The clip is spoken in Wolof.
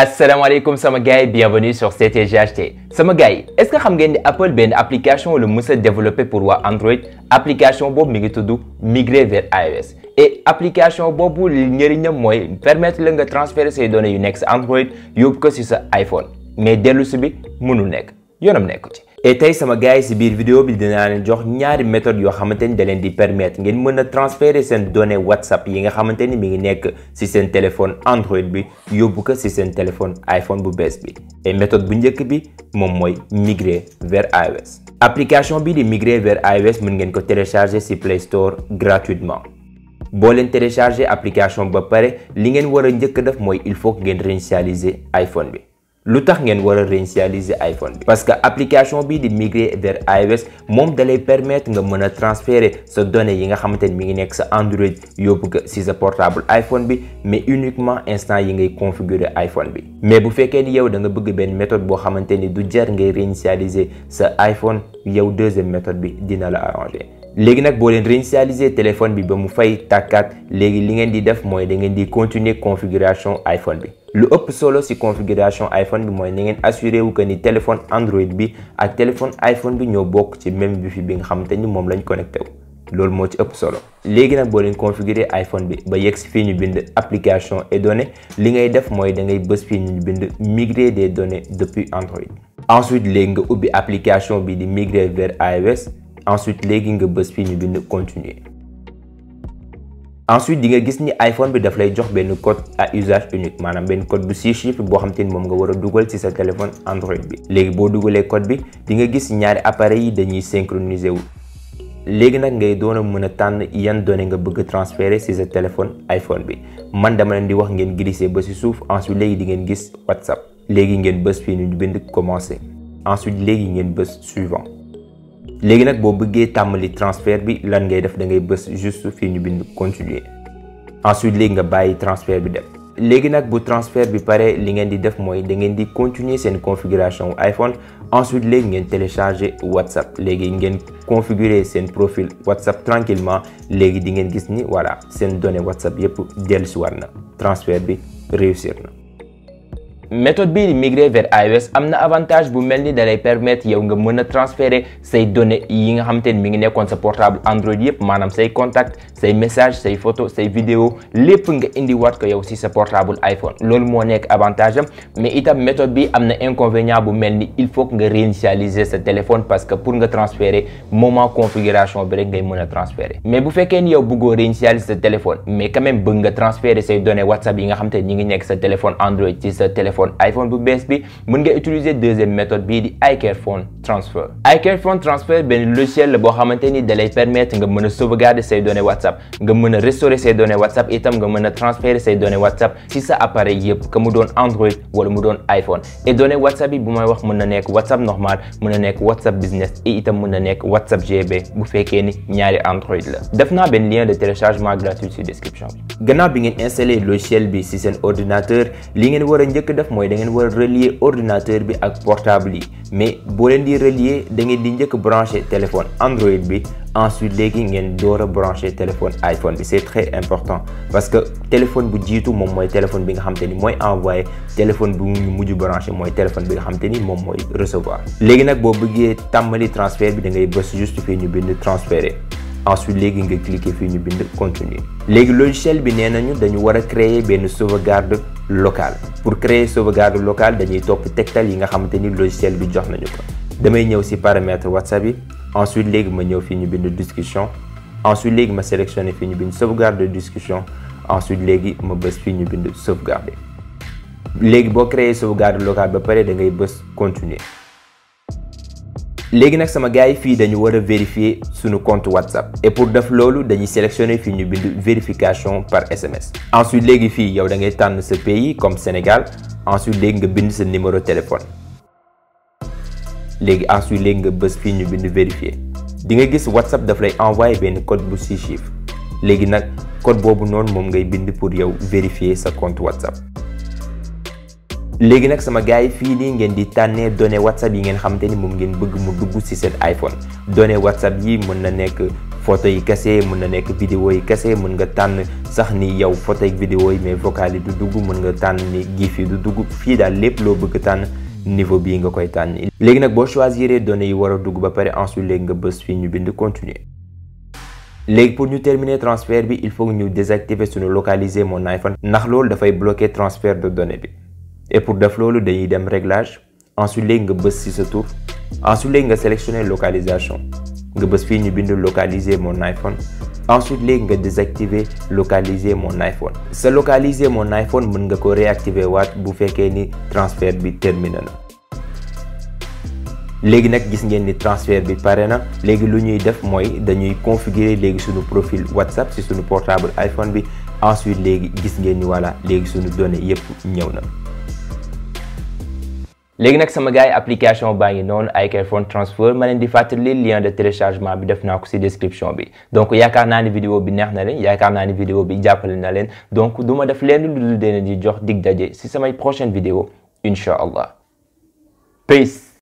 Assalamu alaikum bienvenue sur CTGHT sama est-ce que vous avez ni Apple application ou le été développé pour Android application boobu migrer vers iOS et application pour permettre de transférer ses données sur Android yóbbu sur iPhone mais dès si bi vous nekk yoonam nekku écouté et tey sama gars yi si biir vidéo bi dinaa leen jox ñaari méthode yo xamante ni da leen di permettre ngeen mën transférer sen données WhatsApp yi nga xamante mi ngi nek ci sen téléphone Android bi yóbbu ko ci sen téléphone iPhone bu bees bi et méthode bu njëkk bi mom moy migrer vers iOS. application bi di migrer vers iOS mën ngeen ko télécharger ci Play Store gratuitement bo leen télécharger application ba paré li ngeen wara a njëkk def mooy il faut ngeen réinitialiser iPhone bi lu tax ngeen war a réinitialiser iPhone bi parce que application bi di migrer vers iOS moom dalay permettre nga mën a transférer sa données yi nga xamante ni mi ngi nekk sa Android yóbbu ko si sa portable iPhone bi mais uniquement instant yi ngay configurer iPhone bi mais bu fekkee ni yow da nga bëgg benn méthode boo xamante ni du jar ngay réinitialiser sa iPhone yow deuxième méthode bi dina la arranger léegi nag boo leen réinitialiser téléphone bi bamou fay takat legui li ngeen di def moy da ngeen di continuer configuration iPhone bi lu upp solo ci configuration iPhone bi moy na ngeen wu que ni téléphone Android bi ak téléphone iPhone bi ñoo bok ci même fi bi nga xamante ni mom lañ connecté wu loolu ci upp solo Legui nak boo configurer iPhone bi ba yex fi ñu bind application et données li ngay def moy da ngay bëss fi ñu bind migrer des données depuis Android ensuite léegi nga application bi di migrer vers iOS ensuite léegi nga bës fii ñu bind continuer ensuite di nga gis ni iPhone bi daf lay jox benn code à usage unique maanaam benn code bu six chiffres boo xam te ni moom nga war a dugal ci sa téléphone Android bi léegi boo dugalee code bi di nga gis ñaari appareil yi dañuy synchroniser wu léegi nag ngay doon a mën a tànn yan données nga bëgg transférer ci sa téléphone iPhone bi man dama leen di wax ngeen glisser ba ci suuf ensuite léegi di ngeen gis WhatsApp léegi ngeen bës fii ñu bind commencer ensuite léegi ngeen bës suivant si vous boo faire le transfert bi lan ngay def da ngay juste fii ñu continuer ensuite léegi nga le transfert bi dem le transfert bi pare li ngeen di def mooy da ngeen di continuer cette configuration iPhone ensuite vous ngeen télécharger WhatsApp Vous ngeen configurer seen profil WhatsApp tranquillement léegi di ngeen gis ni voilà seen données WhatsApp yépp dellusiwaat na transfert bi réussir méthode bi migrer vers iOS amna avantage bu melni ni dalay permettre yow nga mën transférer ces données yi nga xamante ni mi ngi nekkoon sa portable Android yëpp manam ces contacts, ces messages, ces photos, ces vidéos, lépp nga wat ko yow ci sa portable iPhone loolu mo nekk avantage mais itam méthode bi amna inconvénient bu melni il faut que nga réinitialiser sa téléphone parce que pour nga transférer moment configuration bi rek ngay mën transférer mais bu fekkee ni yow go réinitialiser sa téléphone mais quand même bëgg nga transférer ces données WhatsApp yi nga xamante ni ñi ngi nekk sa téléphone Android ci sa téléphone iPhone iPhone bu bees bi mën nga utiliser deuxième méthode bii di iCare phone transfer iCare transfer benn logiciel la boo xamante ni da lay permettre nga mën a sauvegarder say données WhatsApp nga mën a restaurer say données WhatsApp itam nga mën a say données WhatsApp ci sa appareil yëpp que mu doon Android wala mu doon iPhone et données WhatsApp yi bu may wax mën na nekk WhatsApp normal mën na nekk WhatsApp business et itam na nekk WhatsApp GB bu fekkee ni ñaari Android la def naa benn lien de téléchargement gratuit ci description bi gannaaw bi ngeen installé logiciel bi li ngeen war a da ngeen war bi relier da ngeen di njëkk brancher téléphone Android bi ensuite léegi ngeen door a téléphone iPhone bi c'est très important parce que téléphone bu jiitu moom mooy téléphone bi nga xam te ni mooy envoyé téléphone bu ñu mujj branché mooy téléphone bi nga xam ni moom mooy recevoir léegi nag boo bëggee tàmmali transfert bi da ngay bës juste fii ñu bind transférer ensuite léegi nga cliquer fii ñu bind continuer léegi logiciel bi nee nañu dañu war a créer benn sauvegarde locale pour créer sauvegarde locale dañuy topp tegtal yi nga xamante ni logiciel bi jox nañu ko damay ñëw si paramètre whatsapp yi ensuite léegi ma ñëw fii ñu bind discussion ensuite léegi ma sélectionné fii ñu bind sauvegarde de discussion ensuite léegi ma bës fii ñu bind sauvegarder léegi boo créé sauvegarde locale ba pare da ngay bës continuer léegi nag sama gars yi fii dañu war a vérifier suñu compte whatsapp et pour def loolu dañuy sélectionner fii ñu bind vérification par SMS ensuite léegi fii yow da ngay tànn sa pays comme Sénégal ensuite léegi nga bind sa numéro téléphone léegi ensuite léegi nga bës fii ñu bind vérifier di nga gis WhatsApp daf lay envoyé benn code bu six léegi nag code boobu noonu moom ngay bind pour yow vérifier sa compte WhatsApp. léegi nag sama gars yi fii nii ngeen di tànnee données WhatsApp yi ngeen xamante ni moom ngeen bëgg mu dugg ci seen iPhone données WhatsApp yi mën na nekk photo yi kese mën na nekk vidéo yi kese mën nga tànn sax ni yow photo ak vidéo yi mais vocal yi du dugg mën nga tànn ni gif yi du dugg fii daal loo bëgg tànn. niveau bi nga koy tànn léegi nag boo choisir données yi war a dugg ba pare ensuite léegi nga bës fii ñu bind continuer léegi pour ñu terminer transfert bi il faut ñu désactiver suñu localiser mon iPhone ndax loolu dafay bloquer transfert de données bi et pour def loolu dañuy dem réglage ensuite léegi nga bës ci sa tour ensuite léegi nga sélectionner localisation nga bës fii ñu bind localiser mon iPhone ensuite les gars désactiver localiser mon iPhone Se localiser mon iPhone mën nga ko réactiver pour bu que ni transfert bi terminé Les gars qui gis ngeen ni transfert bi pare Les gars l'ont ñuy def mooy dañuy configurer sur suñu profil WhatsApp ci suñu portable iPhone bi ensuite gars gis ngeen ni voilà sur suñu données yépp ñëw léegi nag sama gars yi application baa ngi noonu ay iPhone transfer ma leen di fàttali lien de téléchargement bi def naa ko ci description bi donc yaakaar naa ni bi neex na leen yaakaar naa ni bi jàppale na leen donc du ma def leen lu dul deen di jox dig daje si samay prochaine vidéo incha allah